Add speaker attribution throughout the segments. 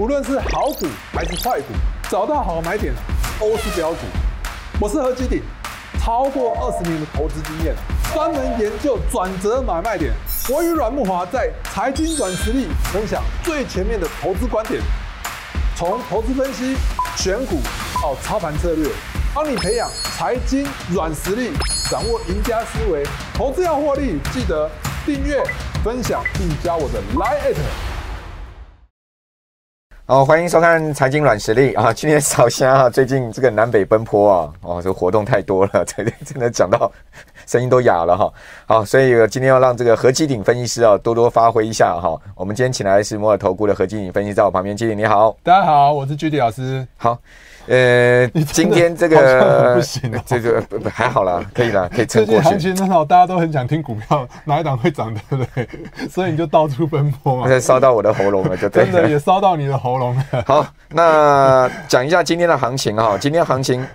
Speaker 1: 無論是好股還是壞股，找到好買點都是飆股。我是何基鼎，超過二十年的投資經驗，專門研究轉折買賣點。我與阮木華在財經阮實力分享最前面的投資觀點，從投資分析選股到操盤策略，幫你培養財經軟實力，掌握贏家思維。投資要獲利，記得訂閱、分享並加我的 Line at。
Speaker 2: 好、哦，歡迎收看財經阮實力啊！去年炒香啊，最近這個南北奔波啊，哦，這個活動太多了，才真的講到聲音都啞了哈。好，所以今天要讓這個何基鼎分析師啊多多發揮一下哈。我們今天請來的是摩爾投顧的何基鼎分析師，在我旁邊。基鼎你好。
Speaker 1: 大家好，我是 GD 老師。
Speaker 2: 好。呃，今天這個不行，啊、呃，這個還好啦，可以啦，可以撐過去 這行情
Speaker 1: 很好，大家都很想聽股票哪一檔會漲，對不對？ 所以你就到處奔波嘛，啊，才燒
Speaker 2: 到我的喉嚨了，了，就 真的也
Speaker 1: 燒到你的喉嚨了。
Speaker 2: 好，那講一下今天的行情哈，哦，今天的行情。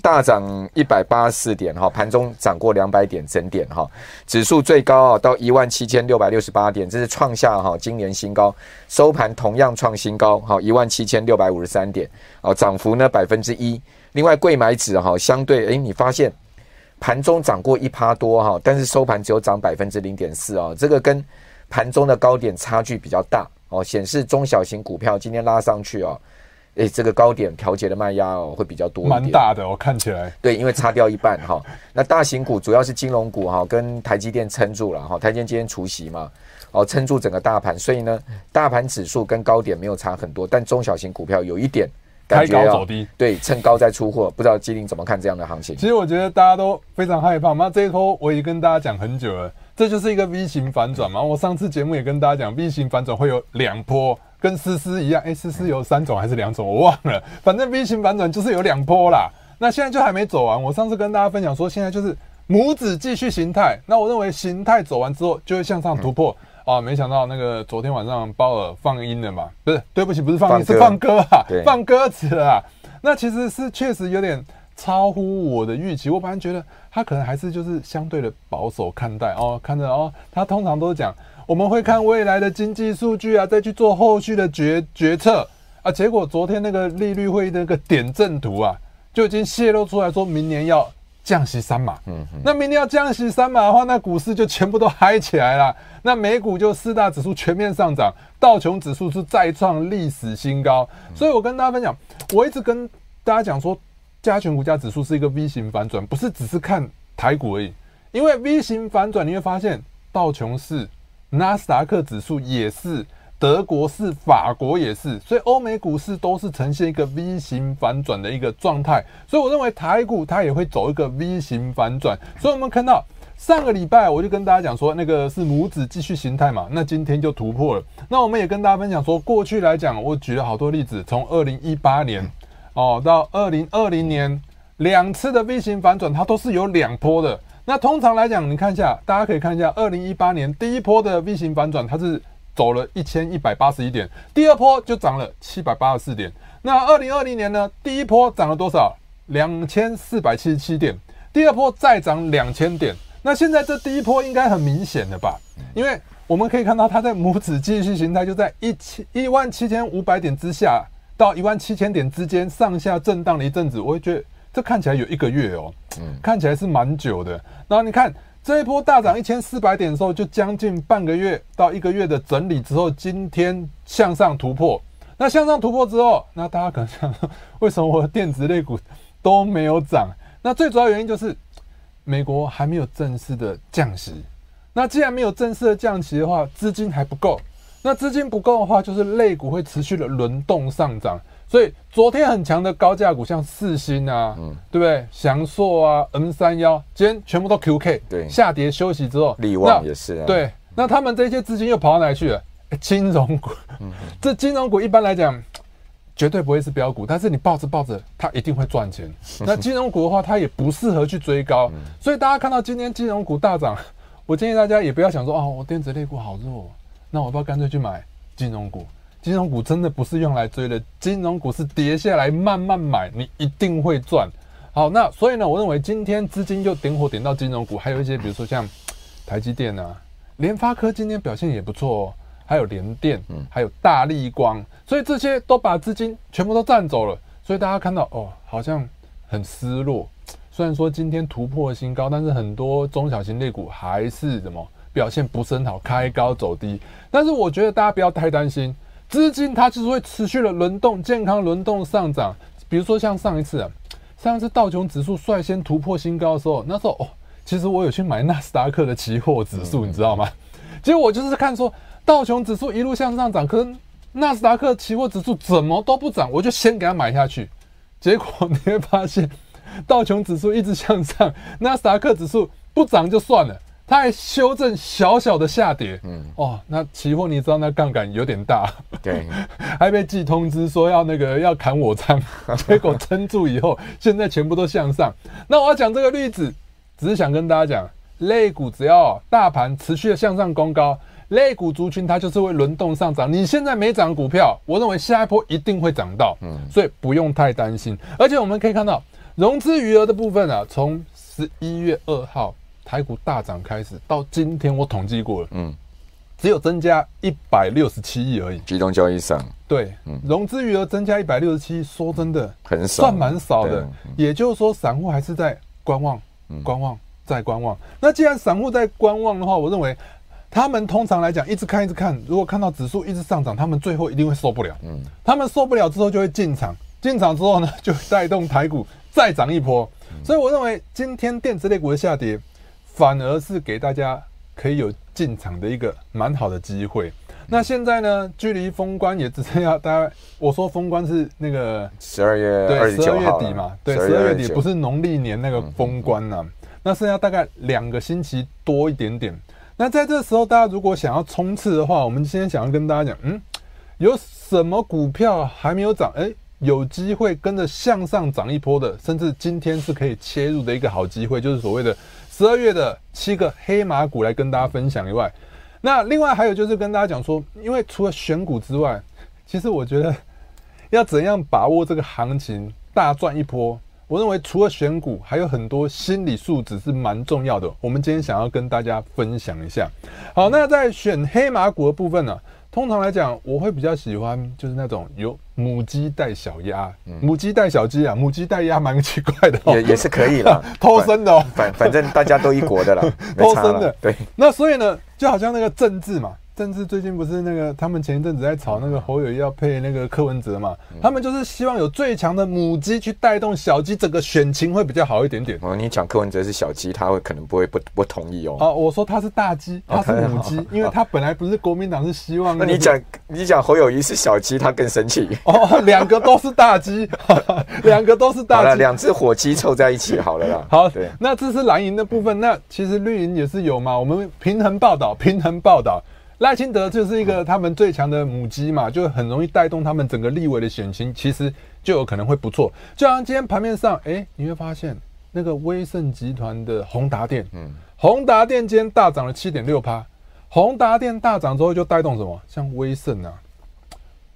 Speaker 2: 大漲一百八十四點哈，盤中漲過兩百點整點哈，指數最高啊到一萬七千六百六十八點，這是創下哈今年新高，收盤同樣創新高哈，一萬七千六百五十三點，啊漲幅呢百分之一，另外櫃買指哈相對哎、欸、你發現盤中漲過一趴多哈，但是收盤只有漲百分之零點四啊，這個跟盤中的高點差距比較大哦，顯示中小型股票今天拉上去啊。哎，這個高點調節的賣壓哦，會比較多蠻大的我、哦，看起來。對，因為差掉一半哈、 哦。那大型股主要是金融股哈、哦，跟台積電撐住了哈，台積電今天除息嘛，哦，撐住整個大盤，所以呢，大盤指數跟高點沒有差很多，但中小型股票有一點感覺要，開高走低，對，趁高再出貨，不知道基鼎怎麼看這樣的行情？其
Speaker 1: 實我覺得大家都非常害怕嘛，那這一波我已經跟大家講很久了，這就是一個 V 型反轉嘛，嗯、我上次節目也跟大家講，V 型反轉會有兩波。跟思思一樣，哎，思思有三種還是兩種，我忘了。反正 V 型反轉就是有兩波啦。那現在就還沒走完。我上次跟大家分享說，現在就是拇指繼續形態。那我認為形態走完之後就會向上突破、嗯、啊。沒想到那個昨天晚上鮑爾放音了嘛？不是，對不起，不是放音，是放歌啊，放歌詞啊。那其實是確實有點超乎我的預期。我本來覺得他可能還是就是相對的保守看待哦，看着哦，他通常都是講。我們會看未來的經濟數據啊，再去做後續的決決策啊。結果昨天那個利率會議的那個點陣圖啊，就已經洩露出來說，明年要降息三碼。嗯，那明年要降息三碼的話，那股市就全部都嗨起來了。那美股就四大指數全面上漲，道瓊指數是再創歷史新高。所以我跟大家分享，我一直跟大家講說，加權股價指數是一個 V 型反轉，不是只是看台股而已。因為 V 型反轉，你會發現道瓊是。納斯達克指數也是，德國是，法國也是，所以歐美股市都是呈現一個 V 型反轉的一個狀態，所以我認為台股它也會走一個 V 型反轉。所以我們看到上個禮拜我就跟大家講說，那個是母子繼續形態嘛，那今天就突破了。那我們也跟大家分享說，過去來講，我舉了好多例子，從二零一八年哦到二零二零年兩次的 V 型反轉，它都是有兩波的。那通常來講，你看一下，大家可以看一下，二零一八年第一波的 V 型反轉，它是走了一千一百八十一點，第二波就漲了七百八十四點。那二零二零年呢，第一波漲了多少？兩千四百七十七點，第二波再漲兩千點。那現在這第一波應該很明顯了吧？因為我們可以看到，它在拇指繼續形態就在一千一萬七千五百點之下到一萬七千點之間上下震盪了一陣子，我也覺得。這看起來有一個月哦，嗯、看起來是蠻久的。然後你看這一波大漲一千四百點的時候，就將近半個月到一個月的整理之後，今天向上突破。那向上突破之後，那大家可能想說，為什麼我的電子類股都沒有漲？那最主要原因就是美國還沒有正式的降息。那既然沒有正式的降息的話，資金還不夠。那資金不夠的話，就是類股會持續的輪動上漲。所以昨天很強的高價股，像四星啊，嗯、對不對？祥碩啊，N 三幺，M31，今天全部都 QK，對，下跌休息之後，力旺、那也是、啊，對，那他們這些資金又跑到哪裡去了、欸？金融股， 這金融股一般來講絕對不會是飆股，但是你抱着抱着它一定會賺錢。那金融股的話，它也不適合去追高， 所以大家看到今天金融股大漲，我建議大家也不要想說哦，我電子類股好弱，那我不要乾脆去買金融股。金融股真的不是用來追的，金融股是跌下來慢慢買，你一定會賺。好，那所以呢，我認為今天資金就點火點到金融股，還有一些比如說像台積電啊、聯發科今天表現也不錯哦，還有聯電、還有大立光，所以這些都把資金全部都佔走了。所以大家看到哦，好像很失落。雖然說今天突破新高，但是很多中小型類股還是怎麼表現不是很好，開高走低。但是我覺得大家不要太擔心。資金它就是會持續的輪動，健康輪動上漲。比如說像上一次，啊，上一次道瓊指數率先突破新高的時候，那時候哦，其實我有去買納斯達克的期貨指數，嗯，你知道嗎？結果就是看說道瓊指數一路向上漲，可是納斯達克期貨指數怎麼都不漲，我就先給它買下去。結果你會發現，道瓊指數一直向上，納斯達克指數不漲就算了。他還修正小小的下跌，嗯，哦，那期貨你知道那槓桿有點大，對，還被寄通知說要那個要砍我倉， 結果撐住以後，現在全部都向上。那我要講這個例子，只是想跟大家講，類股只要大盤持續的向上攻高，類股族群它就是會輪動上漲。你現在沒漲股票，我認為下一波一定會漲到，嗯，所以不用太擔心。而且我們可以看到融資餘額的部分啊，從十一月二號。台股大漲開始到今天，我統計過了，嗯，只有增加一百六十七億而已。集中交易上，對，嗯、融資餘額增加一百六十七億，說真的，很少，算蠻少的。也就是說，散戶還是在觀望、嗯，觀望，再觀望。那既然散戶在觀望的話，我認為他們通常來講，一直看，一直看。如果看到指數一直上漲，他們最後一定會受不了。嗯，他們受不了之後就會進場，進場之後呢，就帶動台股再漲一波、嗯。所以我認為今天電子類股的下跌，反而是給大家可以有進場的一個蠻好的機會、嗯。那現在呢，距離封關也只剩下大概，我說封關是那個十二月二十九號，對十二月底嘛，對十二月底不是農曆年那個封關吶、啊。嗯、那剩下大概兩個星期多一點點。嗯、那在這時候，大家如果想要衝刺的話，我們今天想要跟大家講，嗯，有什麼股票還沒有漲，哎、欸，有機會跟着向上漲一波的，甚至今天是可以切入的一個好機會，就是所謂的。十二月的七個黑馬股來跟大家分享以外，那另外還有就是跟大家講說，因為除了選股之外，其實我覺得要怎樣把握這個行情大賺一波，我認為除了選股，還有很多心理素質是蠻重要的。我們今天想要跟大家分享一下。好，那在選黑馬股的部分呢，啊，通常來講，我會比較喜歡就是那種有。母雞帶小鴨，母雞帶小雞啊，母雞帶鴨蠻奇怪的哦，也也是可以了， 偷生的哦，反反,反正大家都一國的啦，偷生的，對，那所以呢，就好像那個政治嘛。甚至最近不是那個，他們前一陣子在吵那個侯友宜要配那個柯文哲嘛、嗯？他們就是希望有最強的母雞去帶動小雞，整個選情會比
Speaker 2: 較好一點點。哦，你講柯文哲是小雞，他會可能不會不不同意哦。
Speaker 1: 哦，我說他是大雞，他是母雞、哦，因為他本來不是國民黨、哦，是希望、那個。那你講
Speaker 2: 你講侯友宜是小雞，他更生氣
Speaker 1: 哦。兩個都是大雞，兩 個都是大雞。兩隻火
Speaker 2: 雞湊在一起好了啦。 好，
Speaker 1: 那這是藍營的部分，那其實綠營也是有嘛。我們平衡報道，平衡報道。賴清德就是一個他們最強的母雞嘛，就很容易帶動他們整個立委的選情，其實就有可能會不錯。就像今天盤面上，哎，你會發現那個威盛集團的宏達電，嗯，宏達電今天大漲了七點六趴，宏達電大漲之後就帶動什麼？像威盛啊，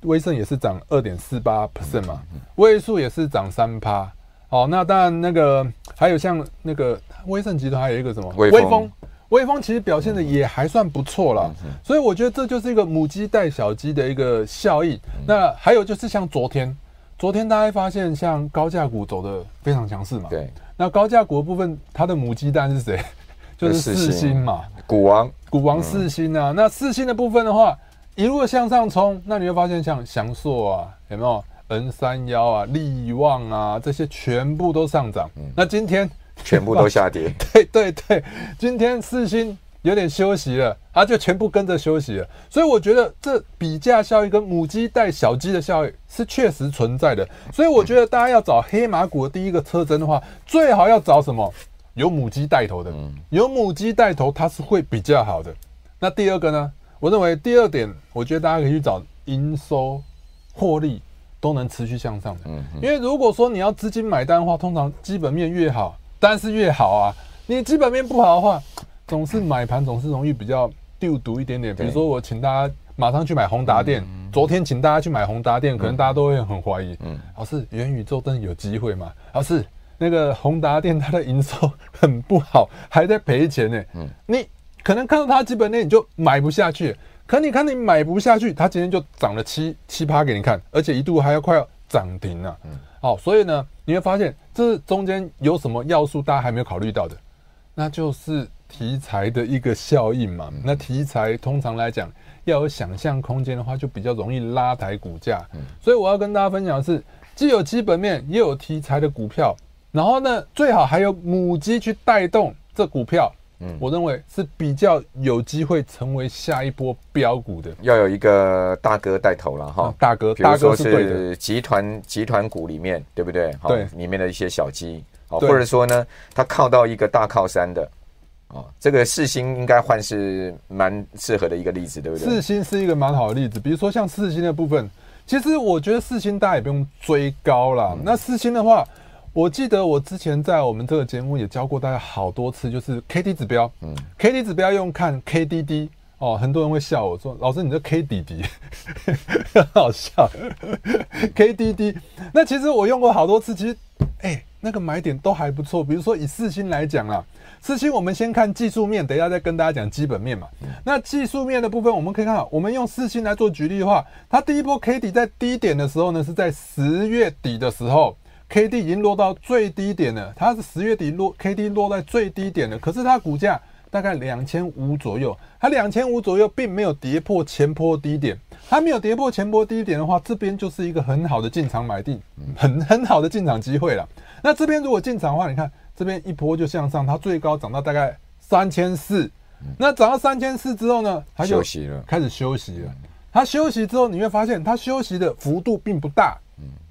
Speaker 1: 威盛也是漲二點四八 percent 嘛，位數也是漲三趴。好，那當然那個還有像那個威盛集團還有一個什麼？威風。威風其實表現的也還算不錯了，所以我覺得這就是一個母雞帶小雞的一個效益。那還有就是像昨天，昨天大家發現像高價股走的非常強勢嘛？對。那高價股的部分，它的母雞蛋是誰？就是四星嘛，
Speaker 2: 股王，股王四
Speaker 1: 星啊。那四星的部分的話，一路向上衝，那你會發現像祥碩啊，有沒有？n 三幺啊，力旺啊，這些全部都上漲。那今天。
Speaker 2: 全部都下跌，
Speaker 1: 對對對，今天四星有點休息了、啊，它就全部跟着休息了。所以我覺得這比價效益跟母雞帶小雞的效益是確實存在的。所以我覺得大家要找黑馬股的第一個特徵的話，最好要找什麼？有母雞帶頭的，有母雞帶頭它是會比較好的。那第二個呢？我認為第二點，我覺得大家可以去找營收、獲利都能持續向上的。嗯，因為如果說你要資金買單的話，通常基本面越好。但是越好啊，你基本面不好的話，總是買盤總是容易比較丟毒一點點。比如說，我請大家馬上去買宏達電，昨天請大家去買宏達電，可能大家都會很懷疑，嗯，老師元宇宙真的有機會嗎、啊？老師那個宏達電，它的營收很不好，還在賠錢呢。嗯，你可能看到它基本面你就買不下去，可你看你買不下去，它今天就漲了七七八給你看，而且一度還要快要漲停了。嗯，好，所以呢，你會發現。這中間有什麼要素大家還沒有考慮到的，那就是題材的一個效應嘛。那題材通常來講要有想象空間的話，就比較容易拉抬股價。所以我要跟大家分享的是，既有基本面也有題材的股票，然後呢，最好還有母雞去帶動這股票。嗯，我認為是比較有機會成為下一波
Speaker 2: 飆股的，要有一個大哥帶頭了哈、啊，大哥比如說，大哥是對的，集團集團股裡面對不對？對，裡面的一些小雞、喔，或者說呢，他靠到一個大靠山的，啊、喔，這個四星應該算是蠻適合的一個例子，對不對？四
Speaker 1: 星是一個蠻好的例子，比如說像四星的部分，其實我覺得四星大家也不用追高了、嗯。那四星的話。我記得我之前在我們這個節目也教過大家好多次，就是 K D 指標，嗯，K D 指標用看 K D D 哦，很多人會笑我說：“老師，你這 K D D，很好笑，K D D。嗯” KDD，那其實我用過好多次，其實，哎、欸，那個買點都還不錯。比如說以四星來講啊，四星我們先看技術面，等一下再跟大家講基本面嘛。嗯，那技術面的部分我們可以看到，我們用四星來做舉例的話，它第一波 K D 在低點的時候呢，是在十月底的時候。K D 已經落到最低點了，它是十月底落 K D 落在最低點了，可是它股價大概兩千五左右，它兩千五左右並沒有跌破前波低點，它沒有跌破前波低點的話，這邊就是一個很好的進場買地，很很好的進場機會了。那這邊如果進場的話，你看這邊一波就向上，它最高漲到大概三千四，那漲到三千四之後呢，它就休息了，開始休息了，它休息之後你會發現它休息的幅度並不大。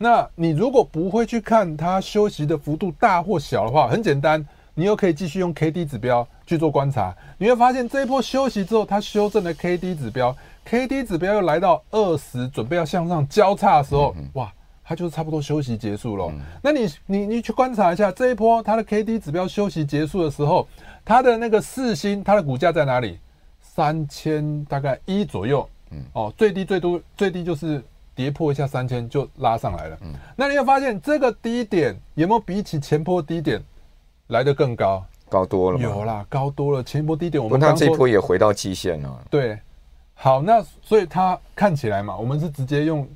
Speaker 1: 那你如果不會去看它休息的幅度大或小的話，很簡單，你又可以繼續用 K D 指標去做觀察，你會發現這一波休息之後，它修正了 K D 指標，K D 指標又來到二十，準備要向上交叉的時候，嗯、哇，它就是差不多休息結束了。嗯、那你你你去觀察一下這一波它的 K D 指標休息結束的時候，它的那個四星，它的股價在哪裡？三千大概一左右，哦，最低最多最低就是。跌破一下三千就拉上來了，嗯，那你會發現這個低點有沒有比起前波低點來得更高？
Speaker 2: 高多了嗎？有
Speaker 1: 啦，高多了。前一波低點我們那這一波
Speaker 2: 也回到季線了，
Speaker 1: 對，好，那所以它看起來嘛，我們是直接用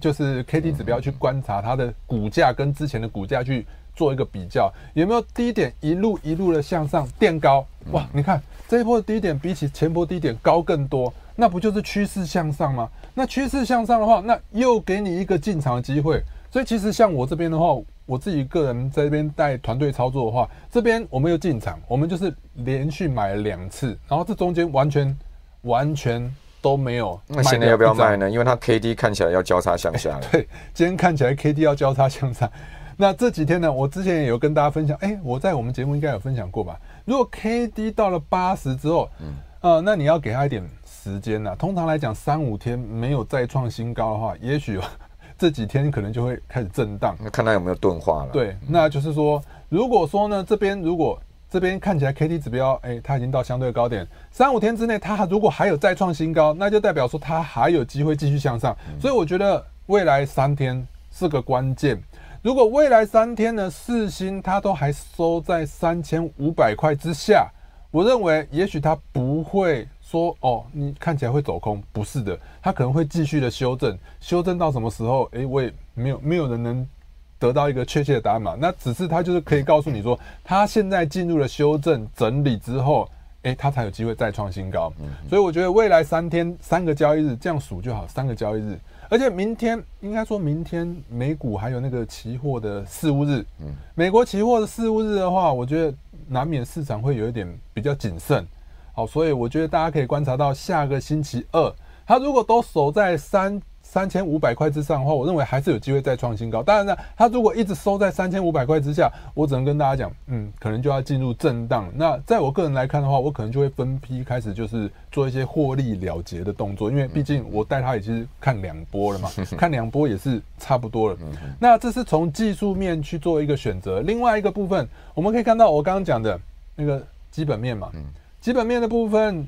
Speaker 1: 就是 K D 指標去觀察它的股價跟之前的股價去做一個比較，有沒有低點一路一路的向上墊高？哇，你看這一波的低點比起前波低點高更多。那不就是趨勢向上嗎？那趨勢向上的話，那又給你一個進場的機會。所以其實像我這邊的話，我自己個人在這邊帶團隊操作的話，這邊我們又進場，我們就是連續買了兩次。然後這中間完全完全都沒有。那現在要不要賣呢？
Speaker 2: 因為它 KD 看起來要交叉向下，欸。對，今
Speaker 1: 天看起來 KD 要交叉向上。那這幾天呢，我之前也有跟大家分享。誒、欸，我在我們節目應該有分享過吧？如果 KD 到了八十之後，嗯、呃，那你要給他一點。時間呢、啊？通常來講，三五天沒有再創新高的話，也許這幾天可能就會開始震盪，
Speaker 2: 那看它有沒有鈍化了。對，
Speaker 1: 那就是說，如果說呢，這邊如果這邊看起來 K D 指標，哎、欸，它已經到相對高點，三五天之內它如果還有再創新高，那就代表說它還有機會繼續向上、嗯。所以我覺得未來三天是個關鍵。如果未來三天呢，四星它都還收在三千五百塊之下，我認為也許它不會。說哦，你看起來會走空，不是的，它可能會繼續的修正，修正到什麼時候？哎、欸，我也沒有沒有人能得到一個確切的答案嘛。那只是他就是可以告訴你說，他現在進入了修正整理之後，哎、欸，他才有機會再創新高、嗯。所以我覺得未來三天三個交易日這樣數就好，三個交易日。而且明天應該說明天美股還有那個期貨的四巫日、嗯，美國期貨的四巫日的話，我覺得難免市場會有一點比較謹慎。好，所以我覺得大家可以觀察到，下個星期二，它如果都守在三三千五百塊之上的話，我認為還是有機會再創新高。當然呢，它如果一直收在三千五百塊之下，我只能跟大家講，嗯，可能就要進入震盪。那在我個人來看的話，我可能就會分批開始就是做一些獲利了結的動作，因為畢竟我帶他已經看兩波了嘛， 看兩波也是差不多了。那這是從技術面去做一個選擇。另外一個部分，我們可以看到我剛剛講的那個基本面嘛，基本面的部分，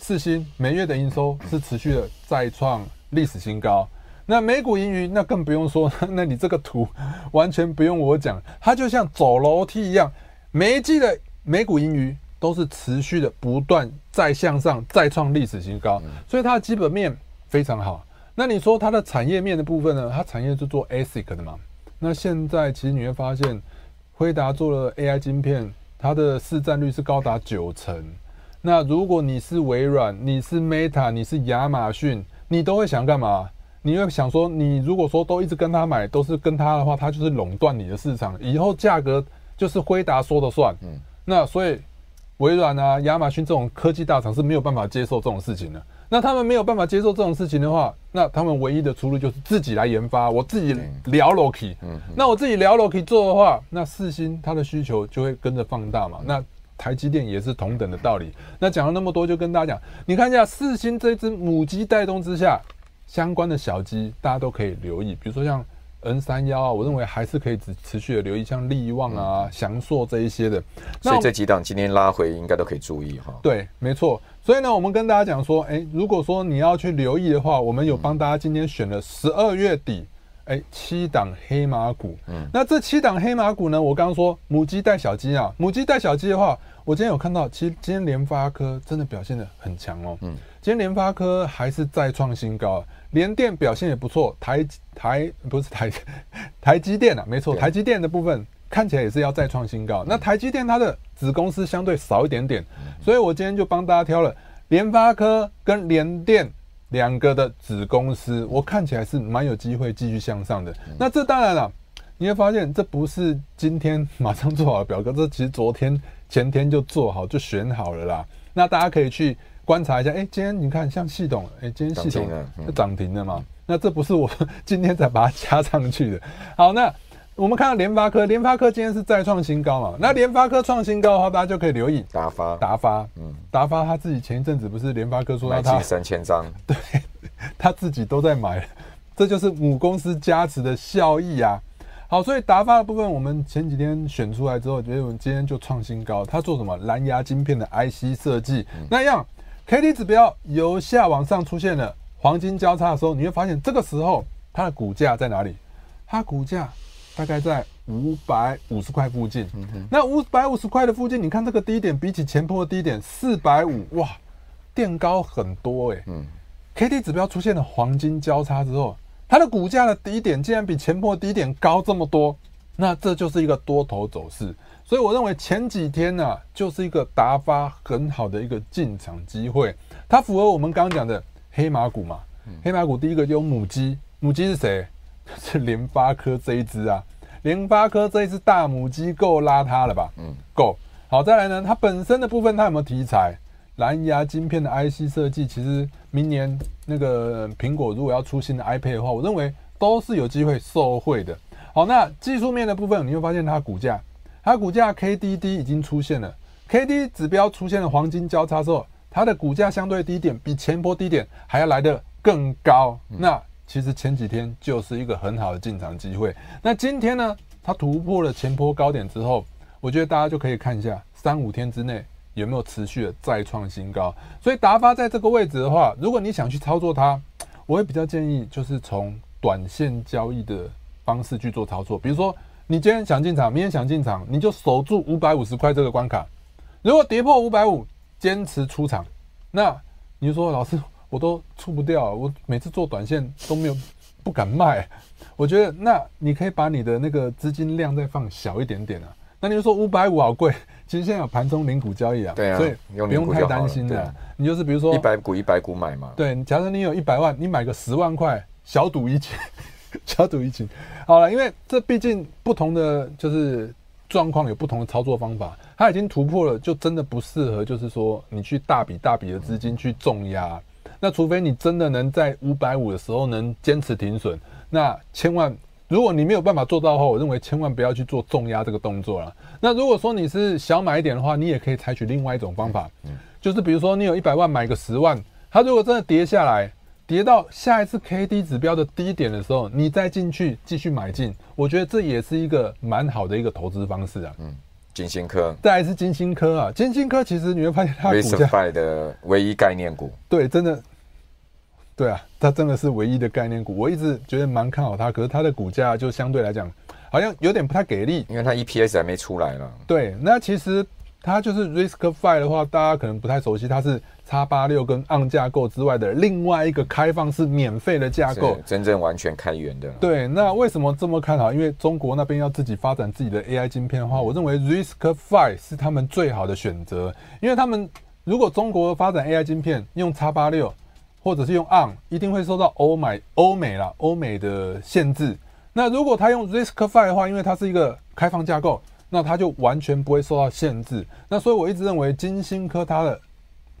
Speaker 1: 世芯每月的營收是持續的再創歷史新高。那每股盈餘那更不用說，那你這個圖完全不用我講，它就像走樓梯一樣，每一季的每股盈餘都是持續的不斷再向上再創歷史新高，所以它的基本面非常好。那你說它的產業面的部分呢？它產業是做 ASIC 的嘛？那現在其實你會發現，輝達做了 AI 晶片。它的市佔率是高達九成，那如果你是微軟，你是 Meta，你是亞馬遜，你都會想幹嘛？你會想說，你如果說都一直跟他買，都是跟他的話，他就是壟斷你的市場，以後價格就是輝達說了算。嗯，那所以微軟啊、亞馬遜這種科技大廠是沒有辦法接受這種事情的。那他們沒有辦法接受這種事情的話，那他們唯一的出路就是自己來研發。我自己撩下去，那我自己撩下去做的話，那四星它的需求就會跟着放大嘛。那台積電也是同等的道理。嗯、那講了那麼多，就跟大家講，你看一下四星這隻母雞帶動之下，相關的小雞大家都可以留意，比如說像，N 三幺啊，我認為還是可以持持續的留意，像力旺啊、
Speaker 2: 祥、嗯、碩這一些的，那所以這幾檔今天拉回應該都可以注意、嗯、以注意哈。
Speaker 1: 對，沒錯。所以呢，我們跟大家講說，哎、欸，如果說你要去留意的話，我們有幫大家今天選了十二月底，哎、欸，七檔黑馬股。嗯，那這七檔黑馬股呢，我剛剛說母雞帶小雞啊，母雞帶小雞的話，我今天有看到，其實今天聯發科真的表現得很強哦。嗯，今天聯發科還是再創新高。聯電表現也不錯，台台不是台台積電啊，沒錯，台積電的部分看起來也是要再創新高。嗯、那台積電它的子公司相對少一點點，嗯、所以我今天就幫大家挑了聯發科跟聯電兩個的子公司，我看起來是蠻有機會繼續向上的。嗯、那這當然了、啊，你會發現這不是今天馬上做好的表格，這其實昨天前天就做好就選好了啦。那大家可以去。觀察一下，哎、欸，今天你看像系統，哎、欸，今天系統漲停的嘛、嗯？那這不是我今天才把它加上去的。好，那我們看到聯發科，聯發科今天是再創新高嘛？那聯發科創新高的話，大家就可以留意達發，達發，嗯，達發他自己前一陣子不是聯發科說他，他買
Speaker 2: 三千張，對，
Speaker 1: 他自己都在買了，這就是母公司加持的效益啊。好，所以達發的部分，我們前幾天選出來之後，覺得我們今天就創新高。他做什麼？藍牙晶片的 IC 設計、嗯，那樣。K D 指標由下往上出現了黃金交叉的時候，你會發現這個時候它的股價在哪裡？它股價大概在五百五十塊附近。嗯、那五百五十塊的附近，你看這個低點比起前波低點四百五，450, 哇，墊高很多、欸嗯、K D 指標出現了黃金交叉之後，它的股價的低點竟然比前波低點高這麼多，那這就是一個多頭走勢。所以我認為前幾天呢、啊，就是一個達發很好的一個進場機會。它符合我們剛剛講的黑馬股嘛、嗯？黑馬股第一個就有母雞，母雞是誰？就是聯發科這一隻啊。聯發科這一隻大母雞夠拉它了吧？嗯，夠好。再來呢，它本身的部分它有沒有題材？藍牙晶片的 IC 設計，其實明年那個蘋果如果要出新的 iPad 的話，我認為都是有機會受惠的。好，那技術面的部分你會發現它股價。它股價 KDD 已經出現了，KD 指標出現了黃金交叉之後，它的股價相對低點比前波低點還要來得更高。那其實前幾天就是一個很好的進場機會。那今天呢，它突破了前波高點之後，我覺得大家就可以看一下三五天之內有沒有持續的再創新高。所以達發在這個位置的話，如果你想去操作它，我會比較建議就是從短線交易的方式去做操作，比如說。你今天想進場，明天想進場，你就守住五百五十塊這個關卡。如果跌破五百五，堅持出場。那你就說老師，我都出不掉，我每次做短線都沒有不敢賣。我覺得那你可以把你的那個資金量再放小一點點啊。那你就說五百五好貴，其實現在有盤中零股交易啊，對啊，所以不用太擔心的啊。你
Speaker 2: 就是比如說一百股一百股買嘛。
Speaker 1: 對，假如你有一百萬，你買個十萬塊，小賭怡情。消除疫情好了，因為這畢竟不同的就是狀況有不同的操作方法。它已經突破了，就真的不適合，就是說你去大筆大筆的資金去重壓、嗯。那除非你真的能在五百五的時候能堅持停損，那千萬如果你沒有辦法做到的話，我認為千萬不要去做重壓這個動作了。那如果說你是小買一點的話，你也可以採取另外一種方法，嗯、就是比如說你有一百萬買個十萬，它如果真的跌下來。跌到下一次 K D 指標的低點的時候，你再進去繼續買進，我覺得這也是一個蠻好的一個投資方式啊。嗯，
Speaker 2: 金星
Speaker 1: 科，再來是金星科啊。金星科其實你會發現它是 Risk Five 的唯一概念股，對，真的，對啊，它真的是唯一的概念股。我一直覺得蠻看好它，可是它的股價就相對來講
Speaker 2: 好像有點不太給力，因為它 E P S 還沒出來了。
Speaker 1: 對，那其實它就是 Risk Five 的話，大家可能不太熟悉，它是。叉八六跟 ARM 架構之外的另外一個開放式免費的架構，
Speaker 2: 真正完全
Speaker 1: 開源的。對，那為什麼這麼看好？因為中國那邊要自己發展自己的 AI 晶片的話，我認為 Risk Five 是他們最好的選擇。因為他們如果中國發展 AI 晶片用叉八六或者是用 ARM，一定會受到歐美歐美啦、歐美的限制。那如果他用 Risk Five 的話，因為它是一個開放架構，那他就完全不會受到限制。那所以我一直認為晶心科它的。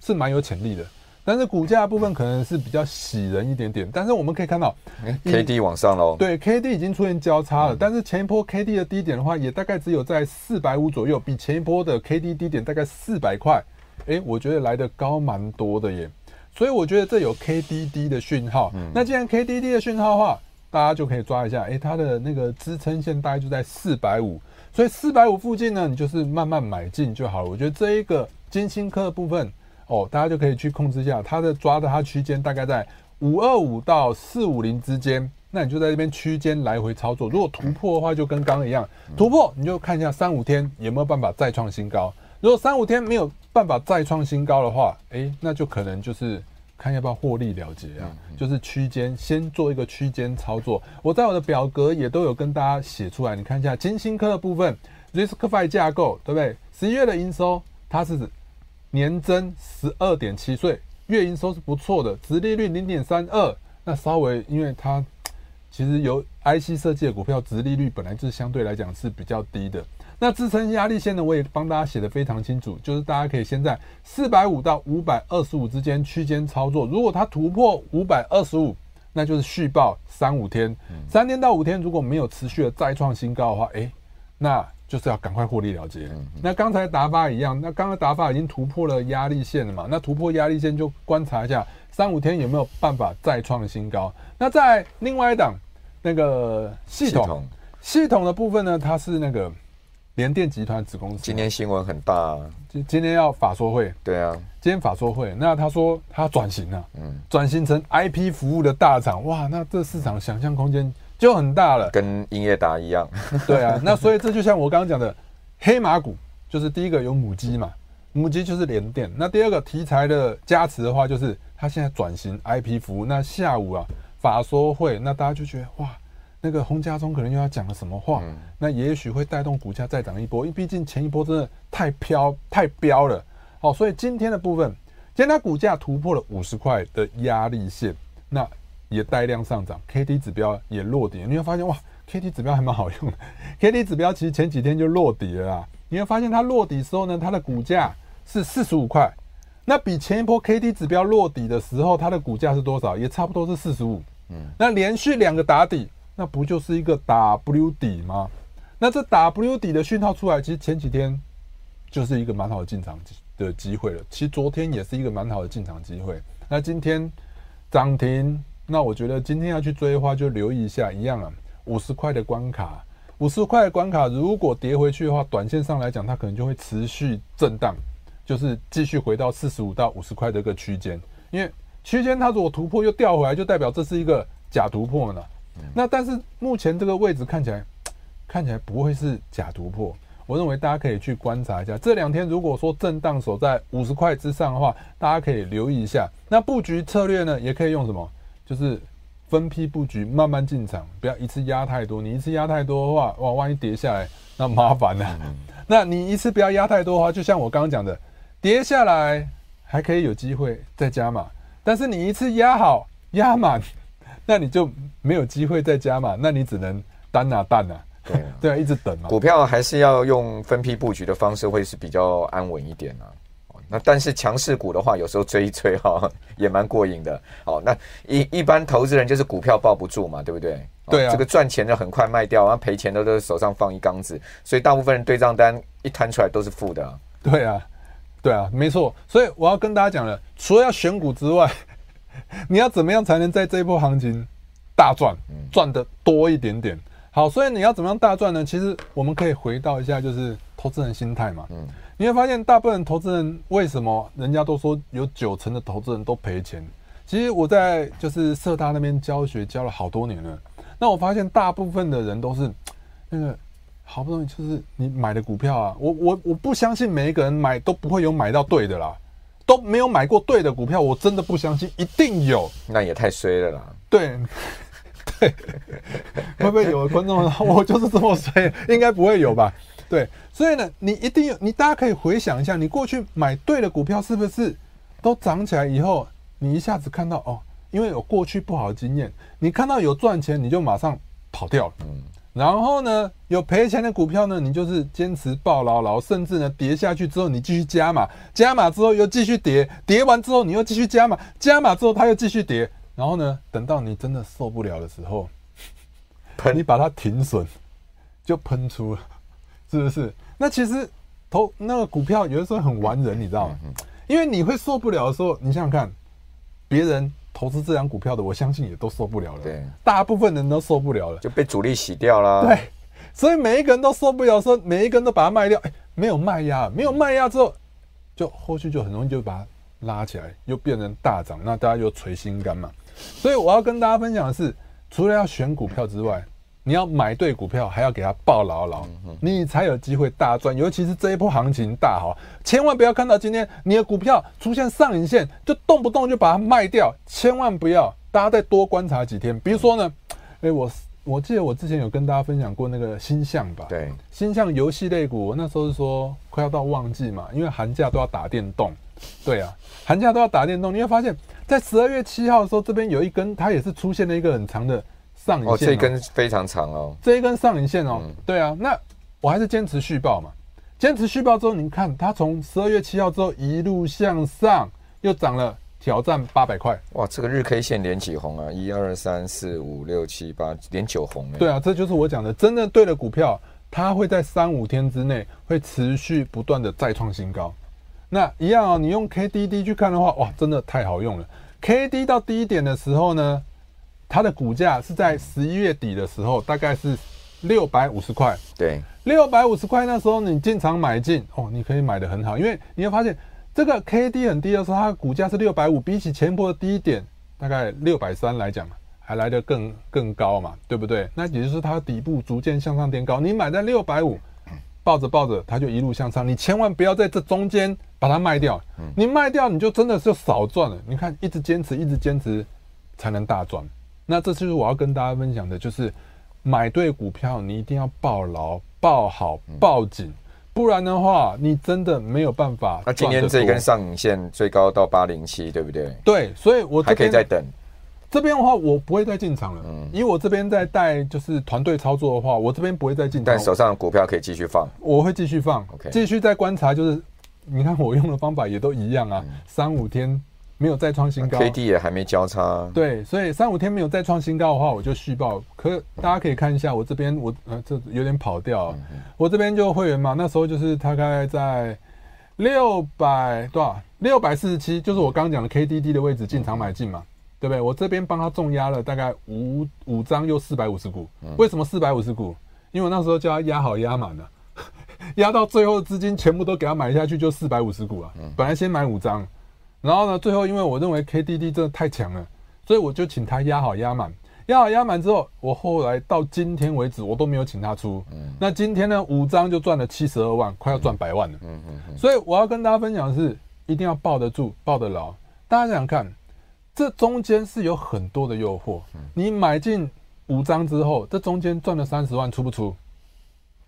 Speaker 1: 是蠻有潛力的，但是股價部分可能是比較喜人一點點，但是我們可以看到、欸、，K D 往上嘍，對，K D 已經出現交叉了。嗯、但是前一波 K D 的低點的話，也大概只有在四百五左右，比前一波的 K D 低點大概四百塊，哎、欸，我覺得來的高蠻多的耶。所以我覺得這有 K D D 的訊號、嗯。那既然 K D D 的訊號的話，大家就可以抓一下，哎、欸，它的那個支撐線大概就在四百五，所以四百五附近呢，你就是慢慢買進就好了。我覺得這一個金星科的部分。哦，大家就可以去控制一下，它的抓的。它區間大概在五二五到四五零之間，那你就在這邊區間來回操作。如果突破的話，就跟剛剛一樣，突破你就看一下三五天有沒有辦法再創新高。如果三五天沒有辦法再創新高的話，誒，那就可能就是看要不要獲利了結啊，就是區間先做一個區間操作。我在我的表格也都有跟大家寫出來，你看一下金星科的部分 RISC-V 架構，對不對？十一月的營收它是指，年增十二點七歲，月營收是不錯的，殖利率零點三二，那稍微因為它其實由 IC 設計的股票殖利率本來就是相對來講是比較低的。那支撐壓力線呢，我也幫大家寫得非常清楚，就是大家可以現在四百五到五百二十五之間區間操作，如果它突破五百二十五，那就是續報三五天，三、嗯、天到五天如果沒有持續的再創新高的話，哎、欸，那。就是要趕快獲利了結、嗯。那剛才打法一樣，那剛才打法已經突破了壓力線了嘛？那突破壓力線就觀察一下三五天有沒有辦法再創新高。那在另外一檔那個系統系統，系統的部分呢？它是那個聯電集團子公司。今天新聞很大、啊，今今天要法說會。對啊，今天法說會。那他說他轉型了、啊，嗯，轉型成 IP 服務的大廠哇，那這市場想象空間。就很大了，跟英業達一樣。對啊，那所以這就像我剛剛講的，黑馬股就是第一個有母雞嘛，母雞就是聯電。那第二個題材的加持的話，就是它現在轉型 IP 服務。那下午啊，法說會，那大家就覺得哇，那個洪嘉聰可能又要講了什麼話，那也許會帶動股價再漲一波，因為畢竟前一波真的太飄太飆了。好，所以今天的部分，今天它股價突破了五十塊的壓力線，那，也帶量上漲，K D 指標也落底，你會發現哇，K D 指標還蠻好用的。K D 指標其實前幾天就落底了啦，你會發現它落底的時候呢，它的股價是四十五塊，那比前一波 K D 指標落底的時候，它的股價是多少？也差不多是四十五。嗯，那連續兩個打底，那不就是一個 W 底嗎？那這 W 底的訊號出來，其實前幾天就是一個蠻好的進場的機會了。其實昨天也是一個蠻好的進場機會，那今天漲停。那我覺得今天要去追的話，就留意一下，一樣啊，五十塊的關卡，五十塊的關卡，如果跌回去的話，短線上來講，它可能就會持續震盪，就是繼續回到四十五到五十塊這個區間，因為區間它如果突破又掉回來，就代表這是一個假突破了。嗯。那但是目前這個位置看起來，看起來不會是假突破，我認為大家可以去觀察一下，這兩天如果說震盪所在五十塊之上的話，大家可以留意一下。那布局策略呢，也可以用什麼？就是分批布局，慢慢進場，不要一次壓太多。你一次壓太多的話，哇，萬一跌下來，那麻煩了、啊。嗯、 那你一次不要壓太多的話，就像我剛剛講的，跌下來還可以有機會再加碼。但是你一次壓好壓滿，那你就沒有機會再加碼。那你只能單拿單啊， 對對、啊、一直等
Speaker 2: 嘛。股票還是要用分批布局的方式，會是比較安穩一點啊。那但是強勢股的話，有時候追一追哈、哦，也蠻過癮的。好，那一一般投資人就是股票抱不住嘛，對不對、哦？對啊。這個賺錢的很快賣掉，然後賠錢的都手上放一缸子，所以大部分人對賬單一攤出來都是負的、啊。
Speaker 1: 對啊，對啊，啊、沒錯。所以我要跟大家講的，除了要選股之外，你要怎麼樣才能在這一波行情大賺，賺得多一點點、嗯？嗯好，所以你要怎麼樣大賺呢？其實我們可以回到一下，就是投資人心態嘛。嗯，你會發現大部分投資人為什麼人家都說有九成的投資人都賠錢？其實我在就是社大那邊教學教了好多年了，那我發現大部分的人都是那個好不容易，就是你買的股票啊，我我我不相信每一個人買都不會有買到對的啦，都沒有買過對的股票，我真的不相信，一定有。
Speaker 2: 那也太衰了啦。
Speaker 1: 對。 會不會有的觀眾說我就是這麼衰？應該不會有吧？對，所以呢，你一定要，你大家可以回想一下，你過去買對的股票，是不是都漲起來以後，你一下子看到哦，因為有過去不好的經驗，你看到有賺錢你就馬上跑掉了。嗯。然後呢，有賠錢的股票呢，你就是堅持抱牢牢，甚至呢跌下去之後你繼續加碼，加碼之後又繼續跌，跌完之後你又繼續加碼，加碼之後它又繼續跌。然後呢，等到你真的受不了的時候，你把它停損，就噴出了，是不是？那其實投那個股票有的時候很玩人，你知道嗎？嗯嗯、因為你會受不了的時候，你想想看，別人投資這張股票的，我相信也都受不了了。對，大部分人都受不了了，就
Speaker 2: 被主力洗掉了。對，
Speaker 1: 所以每一個人都受不了的時候，說每一個人都把它賣掉，哎、欸，沒有賣壓，沒有賣壓之後、嗯，就後續就很容易就把它拉起來，又變成大漲，那大家就捶心肝嘛。所以我要跟大家分享的是，除了要選股票之外，你要買對股票，還要給它抱牢牢，你才有機會大賺。尤其是這一波行情大好，千萬不要看到今天你的股票出現上影線，就動不動就把它賣掉。千萬不要，大家再多觀察幾天。比如說呢，哎、欸，我我記得我之前有跟大家分享過那個鈊象吧？對，鈊象遊戲類股，那時候是說快要到旺季嘛，因為寒假都要打電動，對啊，寒假都要打電動，你會發現。在十二月七號的時候，這邊有一根，它也是出現了一個很長的上影線，啊。哦，這一根
Speaker 2: 非常長哦。
Speaker 1: 這一根上影線哦，嗯、對啊。那我還是堅持續報嘛。堅持續報之後，您看它從十二月七號之後一路向上，又漲了，
Speaker 2: 挑戰八百塊。哇，這個日 K 線連幾紅啊，一二三四五六七八，連九紅。
Speaker 1: 對啊，這就是我講的，真的對的股票，它會在三五天之內會持續不斷的再創新高。那一樣哦，你用 KDD 去看的話，哇，真的太好用了。KD 到低點的時候呢，它的股價是在十一月底的時候，大概是六百五十塊。對，六百五十塊那時候你進場買進哦，你可以買得很好，因為你會發現這個 KD 很低的時候，它的股價是六百五，比起前波的低點大概六百三來講，還來得更更高嘛，對不對？那也就是它的底部逐漸向上墊高，你買在六百五。抱着抱着，它就一路向上。你千萬不要在這中間把它賣掉，你賣掉你就真的是少賺了。你看，一直堅持，一直堅持，才能大賺。那這就是我要跟大家分享的，就是買對股票，你一定要抱牢、抱好、抱緊，不然的話，你真的沒有辦法。那今天這根
Speaker 2: 上影線最高到八零七，對不對？對，
Speaker 1: 所以我還可以再等。這邊的話，我不會再進場了，嗯，因為我這邊在帶就是團隊操作的話，我這邊不會再進場。但
Speaker 2: 手上的股票可以繼續放，
Speaker 1: 我會繼續放、okay. 繼續再觀察。就是你看我用的方法也都一樣啊，三、嗯、五天沒有再創新高、啊、，K D
Speaker 2: 也還沒交叉，對，
Speaker 1: 所以三五天沒有再創新高的話，我就續抱、嗯。可大家可以看一下我這邊，我呃這有點跑掉、嗯，我這邊就會員嘛，那時候就是大概在六百多少，六百四十七，就是我剛講的 K D D 的位置進場買進嘛。嗯對不對？我這邊幫他重壓了大概五五張，又四百五十股。為什麼四百五十股？因為我那時候叫他壓好壓滿了，壓到最後資金全部都給他買下去，就四百五十股啊。本來先買五張，然後呢，最後因為我認為 KDD 真的太強了，所以我就請他壓好壓滿。壓好壓滿之後，我後來到今天為止，我都沒有請他出。那今天呢，五張就賺了七十二萬，快要賺百萬了。所以我要跟大家分享的是，一定要抱得住，抱得牢。大家想想看。這中間是有很多的誘惑，你買進五張之後，這中間賺了三十萬，出不出？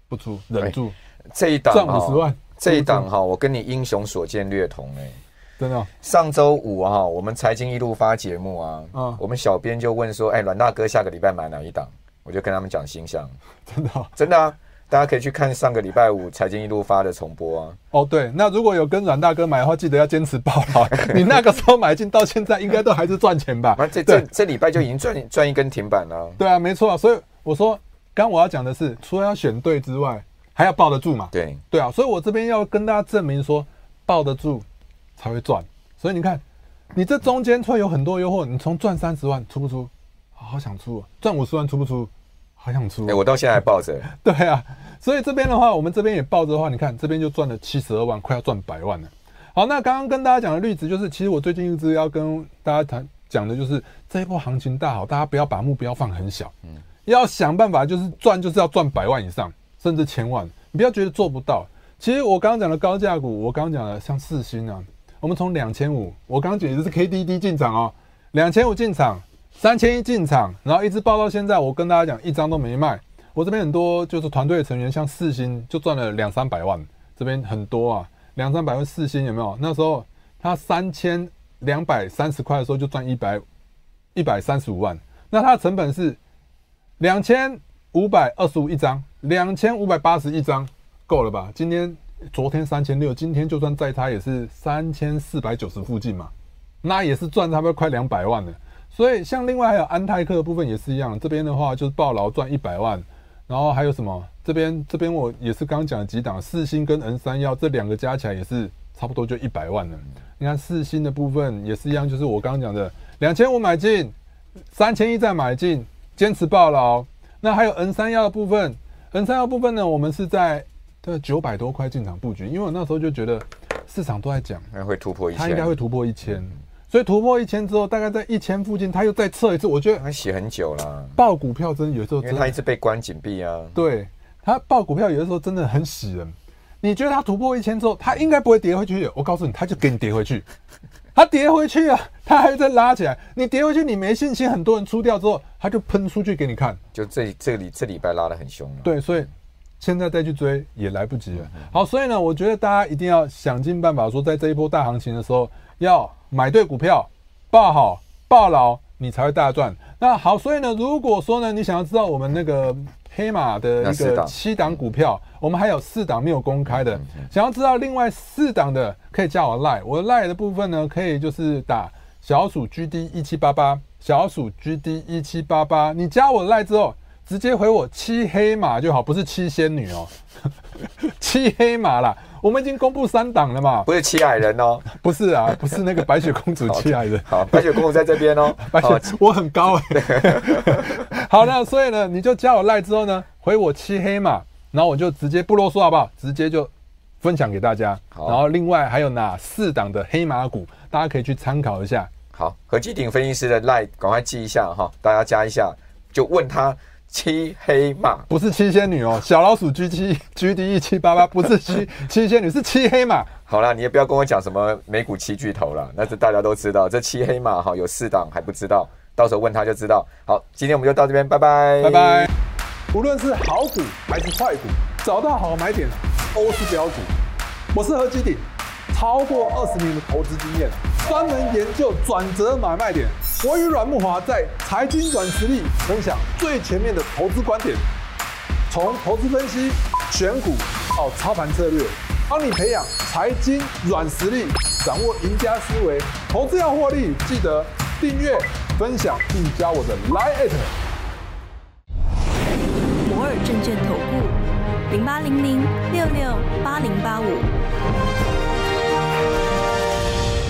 Speaker 1: 不出，忍住，
Speaker 2: 這一檔賺五十萬，這一檔哈、哦哦，我跟你英雄所見略同哎、欸，真的、哦。上週五哈、啊，我們財經一路發節目啊，嗯、我們小編就問說，哎、欸，阮大哥下個禮拜買哪一檔？我就跟他們講新象，
Speaker 1: 真的、
Speaker 2: 哦，真的啊。大家可以去看上個禮拜五財經一路發的重播啊。
Speaker 1: 哦，對，那如果有跟阮大哥買的話，記得要堅持抱牢。 你
Speaker 2: 那個時候買進到現在，應該都還是賺錢吧？這這這禮拜就已經賺賺一根停板了。嗯、對啊，沒錯、啊。
Speaker 1: 所以我說，剛我要講的是，除了要選對之外，還要抱得住嘛。對對啊，所以我這邊要跟大家證明說，抱得住才會賺。所以你看，你這中間會有很多誘惑，你從賺三十萬出不出、哦？好想出啊！賺五十萬出不出？
Speaker 2: 好像出、欸、我到現在還抱着、欸。
Speaker 1: 對啊，所以這邊的話，我們這邊也抱着的話，你看這邊就賺了七十二萬，快要賺百萬了。好，那剛剛跟大家講的例子就是，其實我最近一直要跟大家談講的就是這一波行情大好，大家不要把目標放很小，嗯，要想辦法就是賺，就是要賺百萬以上，甚至千萬，你不要覺得做不到。其實我剛剛講的高價股，我剛剛講的像世芯啊，我們從兩千五，我剛剛講的也是 KDD 進場哦，兩千五進場。三千一進場，然後一直抱到現在。我跟大家講，一張都沒賣。我這邊很多就是團隊的成員，像世芯就賺了兩三百萬。這邊很多啊，兩三百萬世芯有沒有？那時候他三千兩百三十塊的時候就賺一百一百三十五萬。那他的成本是兩千五百二十五一張，兩千五百八十一張夠了吧？今天昨天三千六，今天就算再差也是三千四百九十附近嘛。那也是賺差不多快兩百萬了。所以像另外還有安泰克的部分也是一樣，這邊的話就是抱牢賺一百萬，然後還有什麼？這邊這邊我也是剛講了幾檔，四星跟 N 三幺這兩個加起來也是差不多就一百萬了。你看四星的部分也是一樣，就是我剛剛講的兩千五買進，三千一再買進，堅持抱牢。那還有 N 三幺的部分，N 三幺部分呢，我們是在它的九百多塊進場布局，因為我那時候就覺得市場都在講，應該會突破一千，它應該會突破一千。所以突破一千之後，大概在一千附近，他又再測一次。我覺得他洗很久了。飆股票真的有的時候，他一
Speaker 2: 直被關禁閉啊。
Speaker 1: 對，他飆股票有的時候真的很洗人。你覺得他突破一千之後，他應該不會跌回去。我告訴你，他就給你跌回去。他跌回去啊，他還在拉起來。你跌回去，你沒信心，很多人出掉之後，他就噴出去給你看。就
Speaker 2: 這這裡這禮拜拉得很凶了。
Speaker 1: 對，所以現在再去追也來不及了。好，所以呢，我覺得大家一定要想盡辦法，說在這一波大行情的時候。要買對股票，抱好抱牢，你才會大賺。那好，所以呢，如果說呢，你想要知道我們那個黑馬的一個七檔股票，我們還有四檔沒有公開的，想要知道另外四檔的，可以加我賴，我賴的的部分呢，可以就是打小鼠 GD 一七八八，小鼠 GD 一七八八，你加我賴之後，直接回我七黑馬就好，不是七仙女哦，七黑馬啦。我們已經公布三檔了嘛，不是七矮人哦，不是啊，不是那個白雪公主七矮人
Speaker 2: 好。 好，白雪公主在這邊哦。白雪，哦、我很高、欸 好。
Speaker 1: 好，那所以呢，你就加我賴之後呢，回我七黑馬，然後我就直接不囉嗦好不好？直接就分享給大家。好，然後另外還有哪四檔的黑馬股，大家可以去參考一下。
Speaker 2: 好，何基鼎分析師的賴，趕快記一下哈，大家加一下，就問他。七黑馬
Speaker 1: 不是七仙女哦，小老鼠 G 七 G D 一七八八不是七
Speaker 2: 七仙女是七黑馬。好啦，你也不要跟我講什麼美股七巨頭了，那是大家都知道。這七黑馬哈有四檔還不知道，到時候問他就知道。好，今天我們就到這邊，拜拜，拜拜。
Speaker 1: 無論是好股還是壞股，找到好買點都是飆股。我是何基鼎。超過二十年的投資經驗，專門研究轉折買賣點。我與阮慕驊在財經阮實力分享最前面的投資觀點，從投資分析、選股到操盤策略，幫你培養財經軟實力，掌握贏家思維。投資要獲利，記得訂閱、分享並加我的 LINE@ 摩爾證券投顧零八
Speaker 2: 零零六六八零八五。